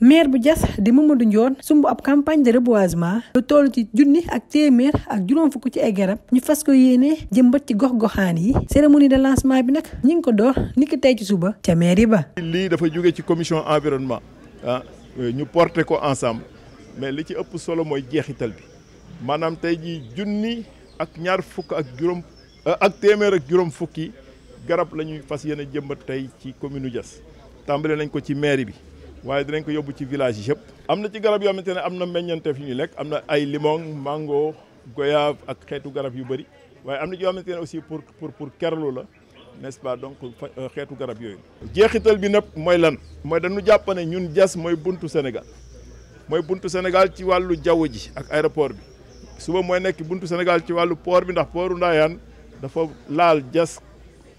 maire bu Diass di Mamadou Ndione sumb ab campagne de reboisement lu toll ci junni ak téeméer ak juróom fukk ci ay garab ñu fas ko yéene jëmbat ci gox-goxaan yi cérémonie de lancement bi nag ñi ngi ko door niki tey ci suba ca mairie ba. lii dafa jóge ci commission environnement ah ñu porter ko ensemble mais li ci ëpp solo mooy jeexital bi maanaam tey jii junni ak ñaar fukk ak juróom eh, ak téeméer ak juróom fukki garab la ñuy fas yéene jëmbat tey ci commune Diass tàmbale nañ ko ci mairie bi. waaye dinañ ko yóbbu ci village yi yëpp. am na ci garab yoo xamante ne am na meññanteef yu ñu lekk am na ay limon mango goyave ak xeetu garab yu bëri waaye am na ci yoo xamante ne aussi pour pour pour kerlu la nest pas donc euh, xeetu garab yooyu. jeexital bi nëpp mooy lan mooy dañu jàpp ne ñun jas mooy buntu Sénégal mooy buntu senegal ci wàllu jaww ji ak aéroport bi suba mooy nekk buntu senegal ci wàllu port bi ndax portu Ndayane dafa laal jas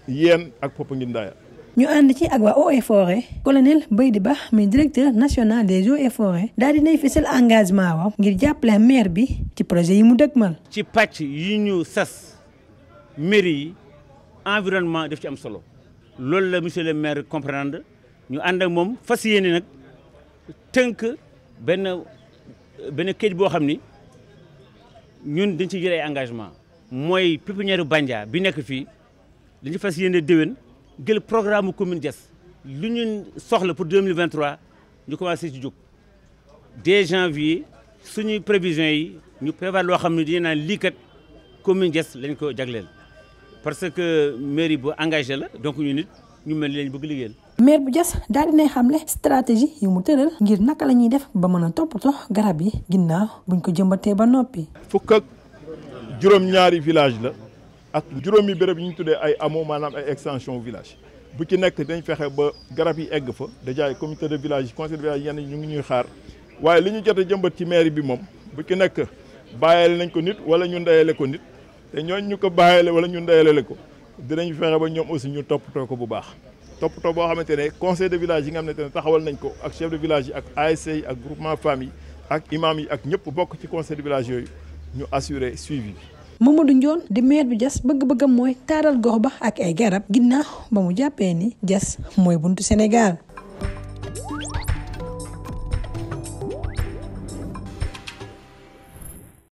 yéen ak Popenguine Ndayane ñu ànd ci ak waa Eaux et Forêts colonel Baydi Ba muy directeur national des Eaux et Forêts daal dinay fësal engagement wam ngir jàppale maire bi ci projet yi mu dëgmal ci pàcc yi ñu sas mairie yi environnement daf ci am solo loolu la monsieur le maire comprendre ñu ànd ak moom fas yéene nag tënk benn benn këyit boo xam ni ñun dañ ci jël engagement mooy pépinière Bandia bi nekk fii ci fas yéene déwén jël programme mu commune Diass lu ñu soxla pour 2023 ñu commencé ci jóg dès janvier suñuy prévisions yi ñu prévoir loo xam ne dañu naan lii kat commune Diass lañ ko jagleel parce que mairie bu engagé la donc ñu nit ñu mel ni lañ bëgg liggéeyal. maire bu Diass daal dinay xamle stratégie yu mu tëral ngir naka la ñuy def ba mën a toppatoo garab yi ginnaaw buñ ko jëmbatee ba noppi. fukk ak juróom-ñaari village la. ak juróom juróomi béréb yi ñu tuddee ay hameaux maanaam ay extension village bu ci nekk dañ fexe ba garab yi egg fa déjà ay comité de village conseil de village ñu ngi ñuy xaar waaye li ñu jot jëmbat ci mairie bi moom bu ci nekk bàyyale nañ ko nit wala ñu ndeyale ko nit ñooñ ñu ko bàyyale wala ñu ndeyale ko dinañ fexe ba ñoom aussi ñu toppatoo ko bu baax toppatoo boo xamante ne conseil de village yi nga xamante ne taxawal nañ ko ak chef de village yi ak ASC yi ak yi ak imam yi ak ñëpp bokk ci conseil de yooyu ñu assurer suivi bi Mamadou Ndione di maire bi jas bëgg-bëggam mooy taaral gox ba ak ay garab naax ba mu jàppee ni jas mooy buntu Sénégal